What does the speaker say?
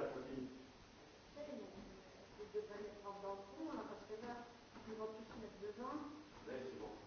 Là, c'est